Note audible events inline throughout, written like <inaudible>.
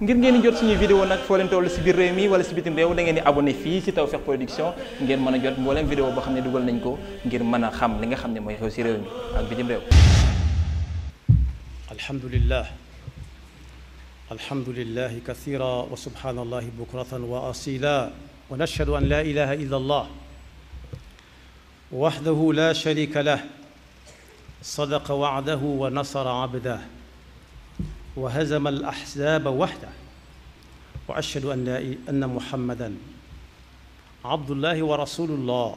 ngir ngeen di jot suñuy vidéo nag foo leen si biir réew wala si bitim réew da ngeen di abonné fii si Tawfekh Production ngeen mën a jot mbooleem vidéo boo xam ne dugal nañ ko ngir mën a xam li nga xam ne mooy xew si réew mi ak bitim réew alhamdulilah alhamdulilah kathira wa subhanallahi bukratan wa asila wa nashhadu an la ilaha illa allah wahdahu la sharika lah sadaqa wa'dahu wa abdah wa hazama al ahzaaba waxda wa ashhadu an laa anna muhammadan abdullahi wa rasulullah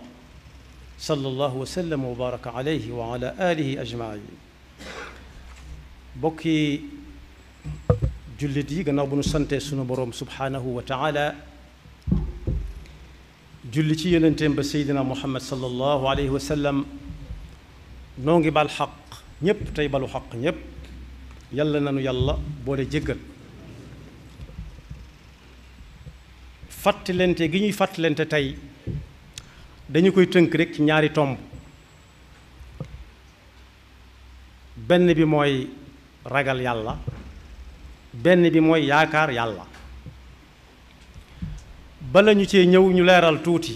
sallallahu wa sallam wa baraka alayhi wa ala alihi ajmain bokki jullit yi gannaaw bu nu sante sunu boroom subhaanahu wa taala julli ci yonenteem ba seydina muhammad sallallahu alayhi wa sallam noo ngi bal xaq ñépp tey balu xaq ñépp yàlla nanu yàlla boole jéggal fàttalente gi ñuy fàttalente tey dañu koy tënk rekk ci ñaari tomb benn bi mooy ragal yàlla benn bi mooy yaakaar yàlla bala ñu cee ñëw ñu leeral tuuti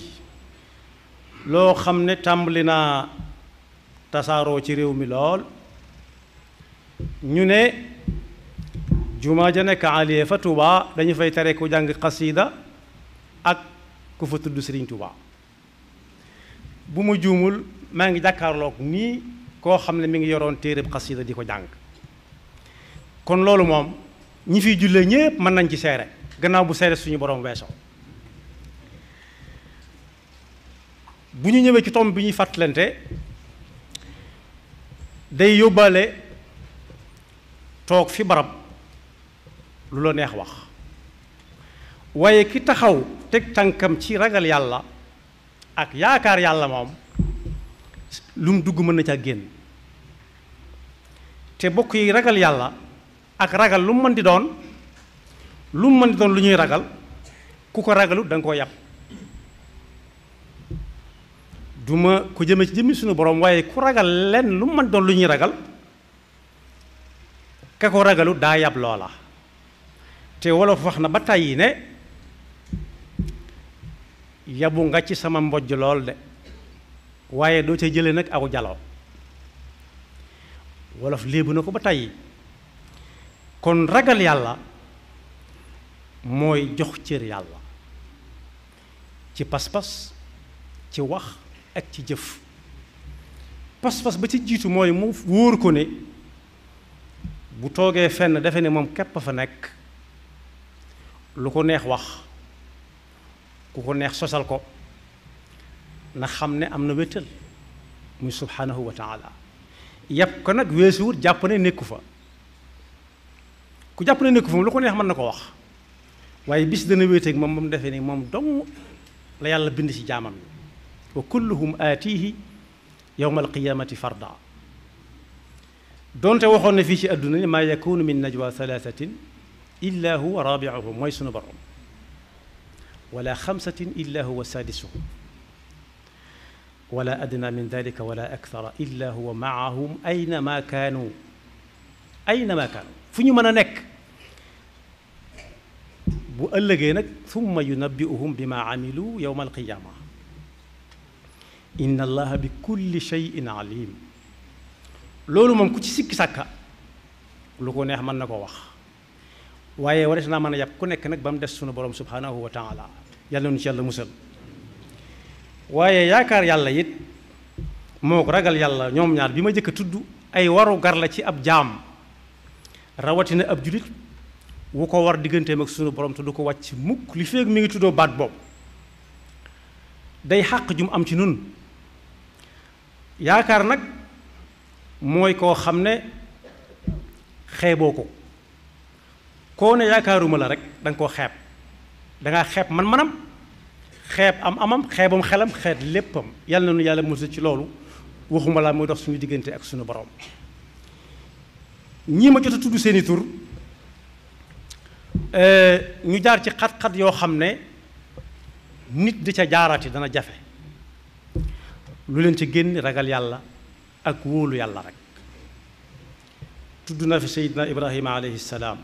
loo xam ne tàmbali naa tasaaroo ci réew mi lool ñu ne jumaa ja nekk aliye fa Touba dañu fay tere ku jàng xasida ak ku fa tudd Sëriñ Touba bu ma juumul maa ngi jàkkaarlook nii koo xam ne mi ngi yoroon téereb xasida di ko jàng kon loolu moom ñi fiy jullee ñépp mën nañ ci seere gannaaw bu seere suñu borom weesoo bu ñu ñëwee ci tomb bi ñuy fàttalante day yóbbaale toog fi barab lu la neex wax waaye ki taxaw teg tànkam ci ragal yàlla ak yaakaar yàlla moom lu mu dugg mën na caa génn te bokk yi ragal yàlla ak ragal lu mu mën di doon lu mu mën di doon lu ñuy ragal ku ko ragalu da nga koo yàpp duma ko jëme ci jëmmi sunu borom waaye ku ragal lenn lu mu mën doon lu ñuy ragal ka ko ragalu daa yab loola te wolof wax na ba tàyyi ne yabu nga ci sama mbojj lool de waaye doo ca jële nag aw jaloo wolof léebu na ko ba tàyyi kon ragal yàlla mooy jox cër yàlla ci pas-pas ci wax ak ci jëf pas-pas ba ci jiitu mooy mu wóor ko ne bu toogee fenn defe ne moom képp fa nekk lu ko neex wax ku ko neex sosal ko na xam ne am na wéttal muy subhanahu wa taala yàpp ko nag weesuwut jàpp ne nekku fa ku jàpp ne nekku fa lu ko neex mën na ko wax waaye bis dana wéeteeg moom ba mu defee ni moom dong la yàlla bind ci jaamam yi wa kulluhum aatihi yowma alqiyamati fardaa donte waxoon na fii ci àdduna ne maa yakunu min najwa thalathatin illa huwa rabi'uhum mooy sunu borom wala xamsatin illa huwa sadisuhum wala adna min dalika wala akthara illa huwa maahum aynama kaanu aynama kaanu fu ñu mën a nekk bu ëllëgee nag thumma yunabbiuhum bima amilu yowma alqiyaama inna allaha bi kulli cheyin alim loolu moom ku ci sikki sàkka lu ko neex mën na ko wax waaye warees naa mën a yàpp ku nekk nag ba mu des sunu borom subhanahu wa taala yàlla nu ci yàlla musal waaye yaakaar yàlla it moo ko ragal yàlla ñoom ñaar bi ma jëkk a tudd ay waru gar la ci ab jaam rawatina ab julit wu ko war digganteem ak sunu borom te du ko wàcc mukk li feeg mi ngi tuddoo baat boobu day xàq ju am ci nun yaakaar nag mooy koo xam ne xeeboo ko koo ne yaakaaruma la rek da koo xeeb danga ngaa xeeb man-manam xeeb am amam xeebam xelam xeet léppam yàlla na nu yàlla musul ci loolu waxuma laa muy dox suñu diggante ak suñu borom ñii ma jot a tudd seeni tur eh, ñu jaar ci xat-xat yoo xam ne nit di ca jaaraati dana jafe lu leen ci génn ragal yàlla ak wóolu yàlla rek tudd na fi seydina ibrahima alayhi salaam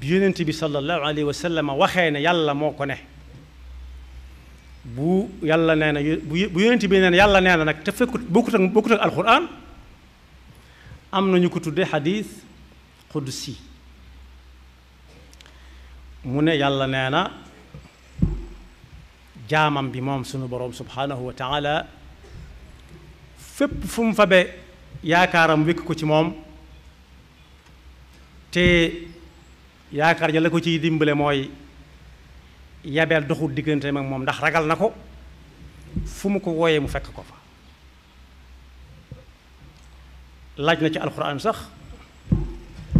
bi yonent bi sallallahu alayhi wa waxee ne yàlla moo ko ne bu yàlla nee na bu yonent bi nee na yàlla nee na nag te fekkut bokkut ak bokkut ak alquran am na ñu ko tuddee xadiis qudsi mu ne yàlla nee na jaamam bi moom sunu boroom subhaanahu wa taala fépp fu mu fabe yaakaaram wékk ko ci moom te yaakaar ja la ko ciy dimbale mooy yabeel doxul diggante mag moom ndax ragal na ko fu mu ko wooyee mu fekk ko fa laaj na ci alxuraan sax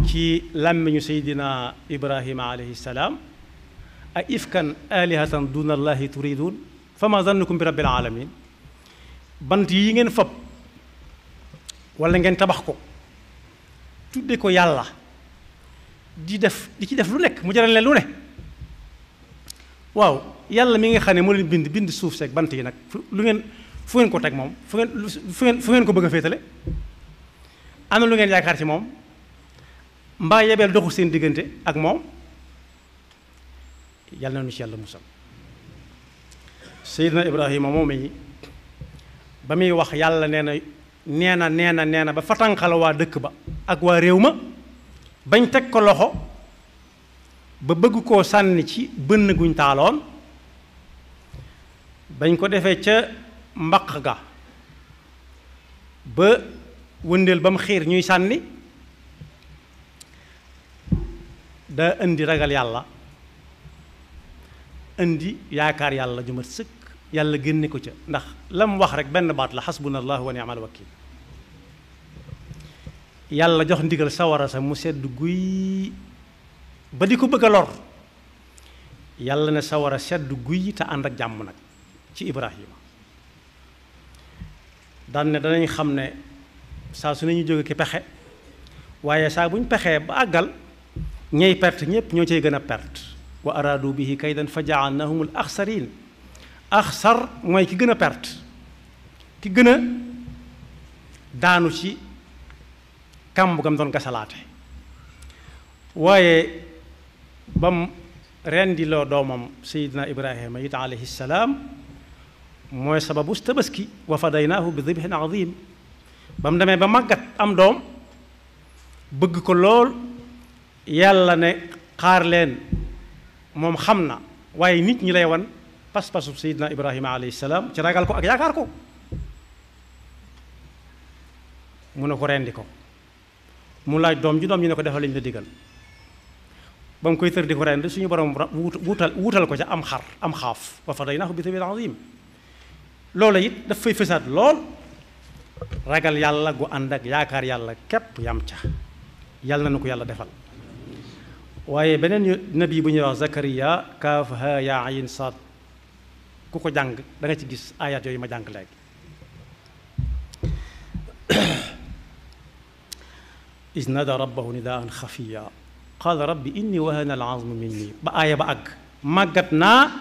ci làmmiñu seydina ibrahima alayhi salaam a ifkan alihatan duna allahi turidun fa ma zannukum bi rabbil alamin bant yi ngeen fab wala ngeen tabax ko tudde ko yàlla di def di ci def lu nekk mu jaral leen lu ne waaw yàlla mi nga xam ne moo leen bind bind suuf seek bant yi nag lu ngeen fu ngeen ko teg moom fu ngeen fu ngeen ko bëgg a féetale am na lu ngeen yaakaar ci moom mbaa yebeel doxul seen diggante ak moom yàlla na nu ci yàlla musal Seydina Ibrahima moom mi ba muy wax yàlla nee na nee na nee na nee na ba fatanqal waa dëkk ba ak waa réew ma bañ teg ko loxo ba bëgg koo sànni ci bënn guñ taaloon bañ ko defee ca mbaq ga ba wëndeel ba mu xiir ñuy sànni daa indi ragal yàlla indi yaakaar yàlla ju mat yàlla génne ko ca ndax la mu wax rek benn baat la xasbunallahu wa ni'mal wakiil yàlla jox ndigal sawara sa mu sedd guy ba di ko bëgg a lor yàlla ne sawara sedd guy te ànd ak jàmm nag ci Ibrahima daan ne danañ xam ne saa su ne ñu jóge ki pexe waaye saa bu ñu pexee ba àggal ñay perte ñépp ñoo cay gën a perte wa araadu bihi kaydan fa ja'alnahumul axsariin axsar mooy ki gën a perte ki gëna daanu ci kàmb doon gasalaate waaye bam rendi loo doomam sayidna ibrahima it alayhi salaam mooy sababu tabaski wa fadaynaahu bi dibhin azim ba mu demee ba màggat am doom bëgg ko lool yàlla ne xaar leen moom xam na waaye nit ñi lay wan pas-pasub Seydina Ibrahima alayhi salaam ci ragal ko ak yaakaar ko mu ne ko rendi ko mu laaj doom ji doom ji ne ko defal lañu la digal ba mu koy tër di ko rend suñu borom wutal wutal ko ca am xar am xaaf wa fadaynaahu bi zabin azim loola it daf fay fësaat lool ragal yàlla gu ànd ak yaakaar yàlla képp yam ca yàlla na ko yàlla defal waaye beneen nabi bu ñuy Zakariya kaaf ha yaa ayn ku ko jàng da nga ci gis ayat yooyu ma jàng léegi <clears throat> is nada rabbahu nidaan xafiya qaala rabbi inni wahana mu minni ba aaya ba àgg màggat naa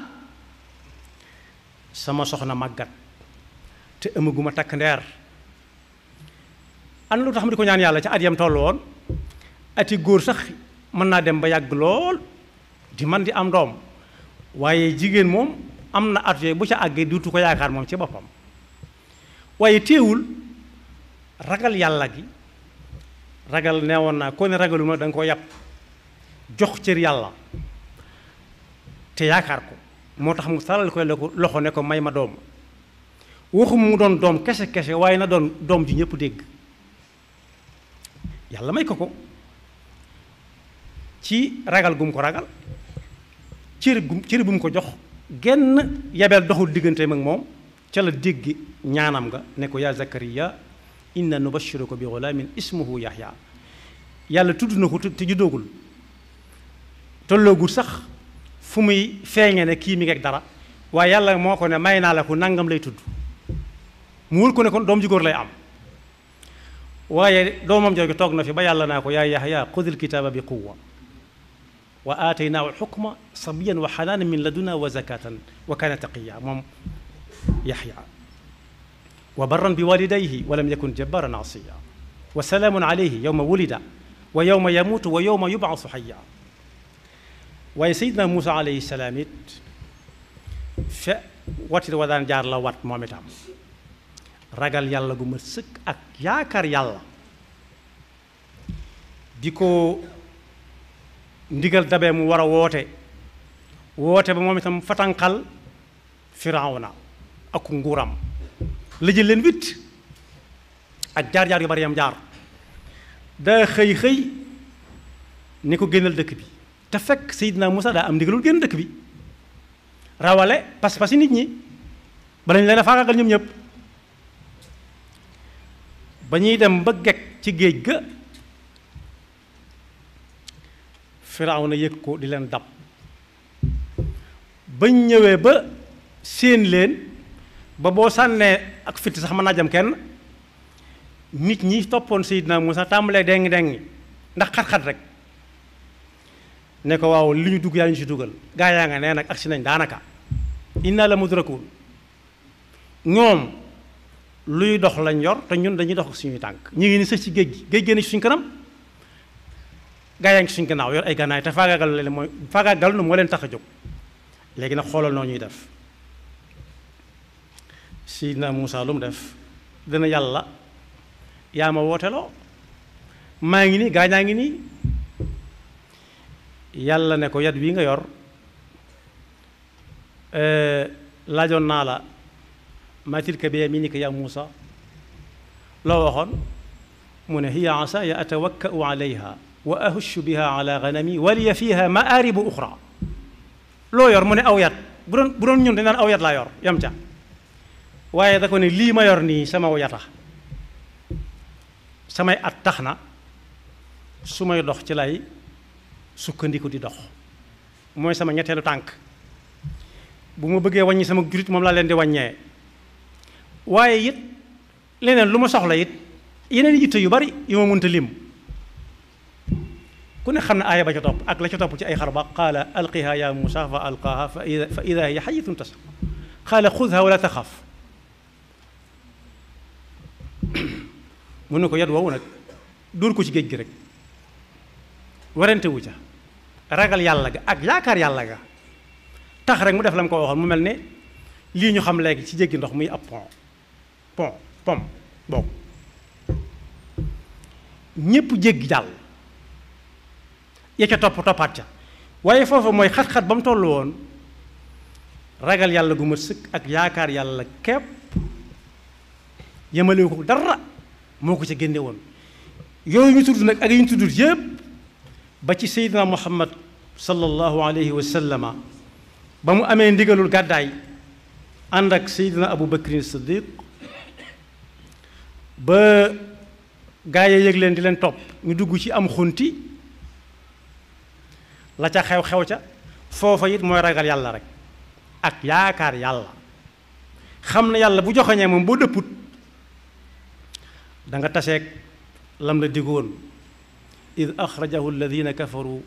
sama soxna màggat te ëmmaguma takk ndeer an lu tax mu di ko ñaan yàlla ci at yam toll ati góor sax mën naa dem ba yàgg lool di man di am doom waaye jigéen moom am na at yooyu bu ca àggee duutu ko yaakaar moom ci boppam waaye téewul ragal yàlla gi ragal neewoon naa ko ne ragaluma da nga ko yàpp jox cër yàlla te yaakaar ko moo tax mu salal koy loxo ne ko may ma doom waxum mu doon doom kese kese waaye na doon doom ji ñëpp dégg yàlla may ko ko ci ragal gum ko ragal cër gum cër bum ko jox genn yabeel doxul digganteem ak moom ca la dégg ñaanam nga ne ko yaa zakariya inna nubashiruka bi ghulamin ismuhu yahya yàlla tudd na ko te juddoogul tolloogul sax fu muy feeñe ne kii mi ngeeg dara waaye yàlla moo ko ne may naa la ko nangam lay tudd mu wër ko ne kon doom ji lay am waaye doomam jooju toog na fi ba yàlla naa ko yaa yahya xudil kitaaba bi quwwa wa aataynaahu xukma sabiyan wa xanaanan min laduna wa zakatan wa kaana taqiya moom yaxya wa barran bi walidayhi wa lam yakun jabbaran asiya wa salaamun alayhi yowma wulida wa yowma yamuutu wa yowma yubcasu xaya waaye sayidna Muusa alayhi salaam it fe watit wa daan jaar la wat moom itam ragal yàlla gu ma sëkk ak yaakaar yàlla di ko ndigal dabee mu war a woote woote ba moom itam fatanqal firawna ak nguuram la jël leen witt ak jaar-jaar yu bari yam jaar daa xëy xëy ni ko génnal dëkk bi te fekk Seydina Moussa daa am ndigalul génn dëkk bi rawale pas-pas yi nit ñi bala ñu leen a faagaagal ñoom ñëpp ba ñuy dem ba gekk ci géej ga na yëg ko di leen dab bañ ñëwee ba séen leen ba boo sànnee ak fitt sax mën naa jëm kenn nit ñi toppoon Seydina Muusa tàmbalee dengi dengi ndax xat-xat rek ne ko waaw li ñu dugg yaa ñu si dugal gaa yaa nga nee nag ak si nañ daanaka inna la mudrakuun ñoom luy dox lañ yor te ñun dañuy dox suñuy tànk ñu ngi ni sës ci géej gi géej génn suñ kanam gaa yaa ngi suñ gannaaw yor ay gànnaay te faagaagal leen mooy faagaagal nu moo leen tax a jóg léegi nag xoolal noo ñuy def sidna Muusaa lu mu def dina yàlla yaa ma wooteloo maa ngi nii gaa ñaa ngi nii yàlla ne ko yat wi nga yor eh, laajoon naa la maa tilka bi yaminika yaa Muusaa loo waxoon mu ne hiya asaaya atawakka'u alayha wa ahushu biha ala ganami waliya fiha maaribu uxra loo yor mu ne aw yat bu doon bu doon ñun laa yor yam waaye da ko ne lii ma yor nii sama aw samay at tax na su may dox ci lay sukkandiku di dox mooy sama ñetteelu tànk bu ma bëggee wàññi sama jurit moom laa leen di wàññee waaye it leneen lu ma soxla it yeneen yitte yu bari yu ma mënta lim ku ne xam na aaya ba ca topp ak la ca topp ci ay xarbaax qaala alqiha ya muusa fa alqaaha fa ida fa ida hiya xayitun tasa qaala xudha wala taxaaf mu ne ko yat woowu nag dóor ko ci géej gi rek warante wu ca ragal yàlla ga ak yaakaar yàlla ga tax rek mu def la mu ko waxoon mu mel ne lii ñu xam léegi ci jéggi ndox muy ab pont pont pom boobu ñépp jéggi jàll ya ca topp toppaat ca waaye foofu mooy xat-xat ba mu toll woon ragal yàlla gu ma sëkk ak yaakaar yàlla képp yemalewu ko dara moo ko ca génne woon yooyu ñu tudd nag ak yi ñu tuddul yépp ba ci seydina muhammad sallallahu alayhi wa sallama ba mu amee ndigalul gàddaay ànd ak seydina abu bakrin siddiq ba gaa yi yëg leen di leen topp ñu dugg ci am xunti la ca xew-xew ca foofa it mooy ragal yàlla rek ak yaakaar yàlla xam ne yàlla bu joxoñee moom boo dëpput da nga taseeg lam la digoon id axrajahu alladina kafaru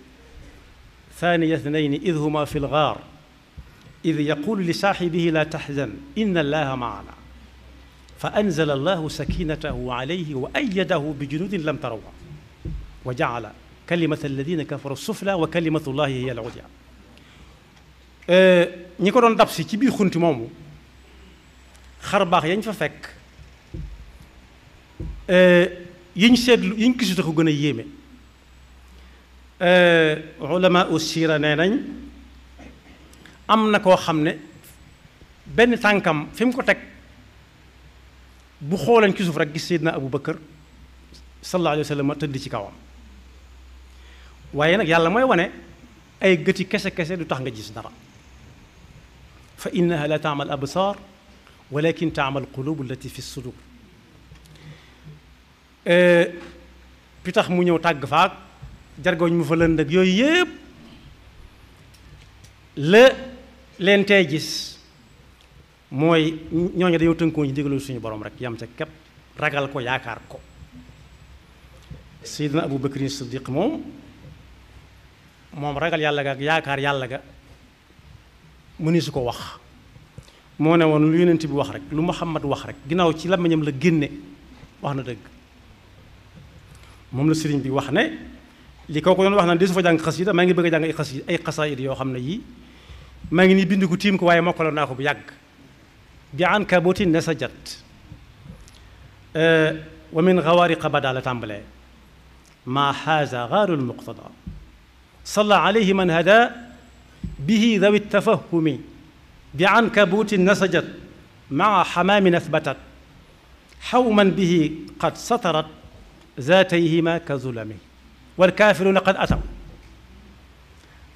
thaniya ithnayni id huma fi lgaar id yaqulu li saaxibihi la taxzan inna allaha maana fa anzala allahu sakinatahu alayhi wa ayadahu bi junudin lam tarawha wa jaala kalimata alladina kafaru sufla wa al ulya ñi ko doon dab si ci biir xunti moomu xar baax yañ fa fekk yiñ seetlu yiñ gisute ko gën a yéeme ulama u siira nee nañ am na koo xam ne benn tànkam fi ko teg bu xooleen ci suuf rek gis na Abu Bakar sallallahu alayhi wa sallam tëdd ci kawam waaye nag yàlla mooy wane ay gëti kese kese du tax nga gis dara fa innaha la taamal absaar walakin taamal qulubu allati fi sudur pi eh, tax mu ñëw tàgg faak jargoñ mu fa lënd ak yooyu yépp la leen tey gis mooy ñooñu dañoo tënkoo ñu déglu suñu borom rek yam sa képp ragal ko yaakaar ko seydina abu bakrin siddiq moom moom ragal yàlla gaa yaakaar yàlla ga mëni su ko wax moo ne woon lu yonent bi wax rek lu Muhammad wax rek ginnaaw ci làmmiñam la génne wax na dëgg moom la sëriñ bi wax ne li kaw ko doon wax naan di su fa jàng xasida maa ngi bëgg a jàng ay xasida ay xasaayid yoo xam ne yii maa ngi nii bind ko tiim ko waaye mokkaloon naa ko bu yàgg bi ankabootin nasajat euh, wa min xawaariqa bada la tàmbalee maa xaaza xaarul muqtada صلى عليه من هدى به ذوي التفهم بعنكبوت نسجت مع حمام أثبتت حوما به قد سطرت ذاتيهما كظلم والكافرون قد أتوا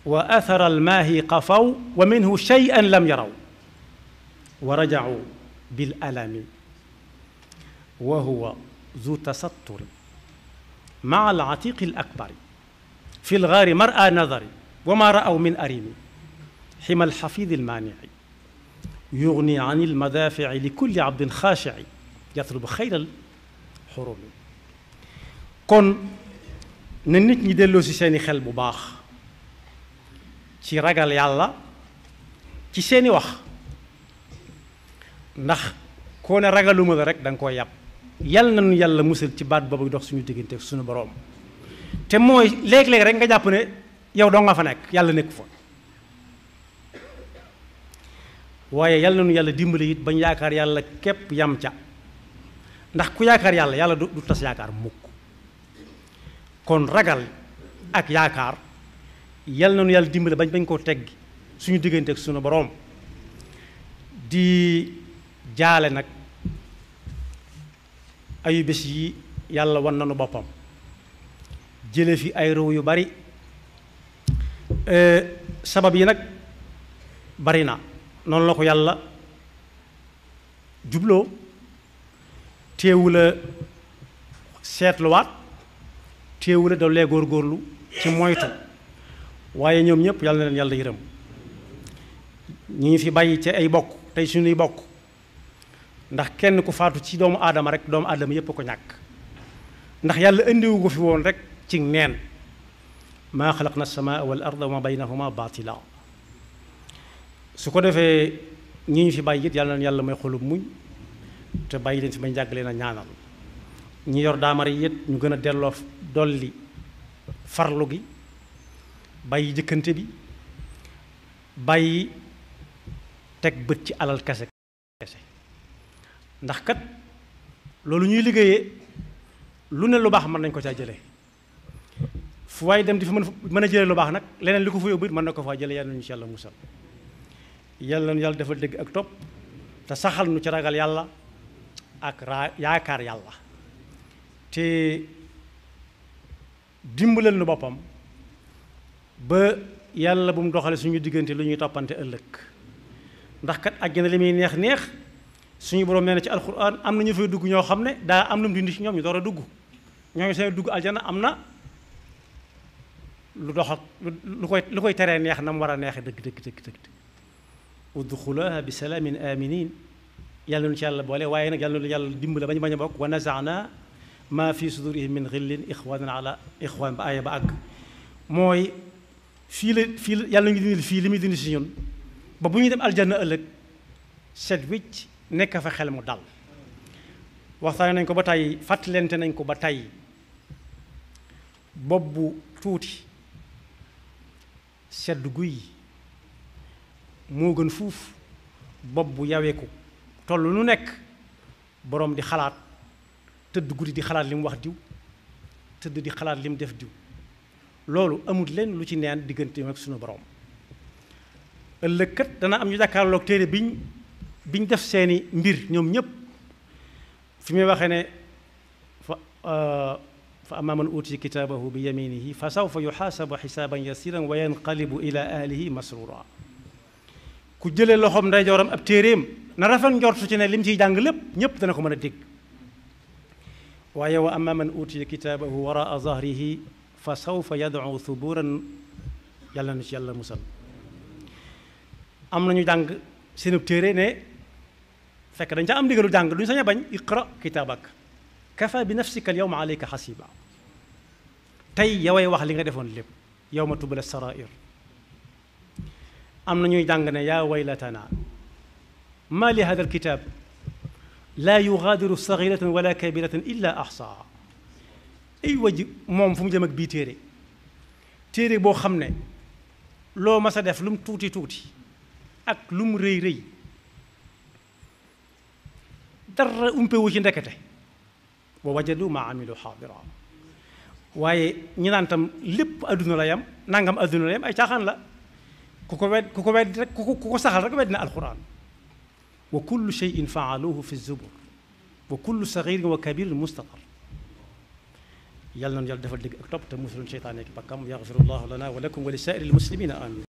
وأثر الماهي قفوا ومنه شيئا لم يروا ورجعوا بالألم وهو ذو تستر مع العتيق الأكبر في الغار مرأى نظري وما رأوا من أريم حمى الحفيظ المانع يغني عن المدافع لكل عبد خاشع يطلب خير الحروم kon na nit ñi delloo si seeni xel bu baax ci ragal yàlla ci seeni wax ndax koo ne ragaluma la rek da koo yàpp yàlla na nu yàlla musal ci baat boobu dox suñu diggante ak suñu boroom te mooy léeg-léeg rek nga jàpp ne yow doo nga fa nekk yàlla nekk fa waaye yàlla nu yàlla dimbali it bañ yaakaar yàlla képp yam ca ndax ku yaakaar yàlla yàlla du du tas yaakaar mukk kon ragal ak yaakaar yàlla na nu yàlla dimbali bañ bañ koo tegg suñu diggante ak suñu boroom di jaale nag ayu yi yàlla wan nanu boppam jële fi ay ruw yu bari euh, sabab yi nag bari na noonu la ko yàlla jubloo téewula seetluwaat téewula daw lee góorlu ci moytu waaye ñoom ñëpp yàlla na leen yàlla yërëm ñu ngi fi bàyyi ci ay bokk tey suñuy bokk ndax kenn ku faatu ci doomu aadama rek doomu aadama yëpp a ko ñàkk ndax yàlla indiwu ko fi woon rek ci neen maa na sama wal arda wa ma baynahuma baatila su ko defee ñi ñu fi bàyyi it yàlla na yàlla may xolub muñ te bàyyi leen fi may njàgg leen a ñaanal ñi yor daamar yi it ñu gën a delloo dolli farlu gi bàyyi jëkkante bi bàyyi teg bët ci alal kese kese ndax kat loolu ñuy liggéeyee lu ne lu baax mën nañ ko caa jëlee waaye dem di fa mën mën a jëlee lu baax nag leneen li ko fa yóbbu mën na ko faa jëlee yàlla nañu ci yàlla musal yàlla nañu yàlla defal dégg ak topp te saxal nu ci ragal yàlla ak raa yaakaar yàlla te dimbalal nu boppam ba yàlla bu mu doxalee suñu diggante lu ñuy toppante ëllëg ndax kat àjjana li muy neex neex suñu borom nee na ci alxuraan am na ñu fay dugg ñoo xam ne daa am lu mu dindi ci ñoom ñu door a dugg ñooñu seen dugg aljana am na lu dox ak lu lu koy teree neex na mu war a neexe dëgg dëgg dëgg dëgg udxulaha bi salaamin aminin yàlla nu ci yàlla boole waaye nag yàlla nu yàlla dimbale bañ bañ a bokk wa nazaana ma fi sudurihim min xillin ixwanan ala ixwan ba aaya ba àgg mooy fii yàlla fii li muy dindi si ñun ba bu ñuy dem aljanna ëllëg set wicc nekk fa xel mu dal waxtaane nañ ko ba tey fàttalente nañ ko ba tey bopp bu tuuti sedd guy moo gën fuuf bopp bu yaweeku toll nu nekk boroom di xalaat tëdd guddi di xalaat li wax diw tëdd di xalaat li def diw loolu amut leen lu ci neen digganteem ak suñu borom ëllëg kat dana am ñu jàkkaarloog téere bi biñ def seeni mbir ñoom ñépp fi may waxee ne fa euh, fa amma man utiya kitaabahu bi yaminihi fa sawfa yuxaasabu xisaaban yasiran wa yanqalibu ila ahlihi masrura ku jëlee loxoom ndeyjooram ab téeréem na rafet njortu ci ne lim ciy jàng lépp ñëpp dana ko mën a dégg waaye wa amma man utiya kitaabahu waraa zahrihi fa sawfa yadcu thuburan yàlla na ci yàlla musal am nañu jàng seen ab téere ne fekk dañ ca am ndigalu jàng duñ sañ a bañ iqra kitaabak kafa bi nafsika al yawma alayka xasiba tey yaway wax li nga defoon lépp yow ma tubala sarair am na ñuy jàng ne yaa waylatana ma li hada alkitab laa yugaadiru saxiratan wala kabiratan illa axsaa ay moom fu mu jëm bii téere téere boo xam ne loo mas a def lum tuuti tuuti ak lu mu rëy rëy dara umpewu ci ndekete wa wajadu ma amilu xaadira waaye ñi naan tam lépp adduna la yam nangam adduna la yam ay caaxaan la ku ko wed ku ko wed rek ku ko saxal rek wed na alquran wa kullu shay'in faaluhu fi zubur wa kullu saxirin wa kabirin mustaqar yàlla nañu yàlla defal dégg ak topp te musulun cheytaan ak bakkam yaxfirullahu lana wa lakum wa li saa'iril muslimina amin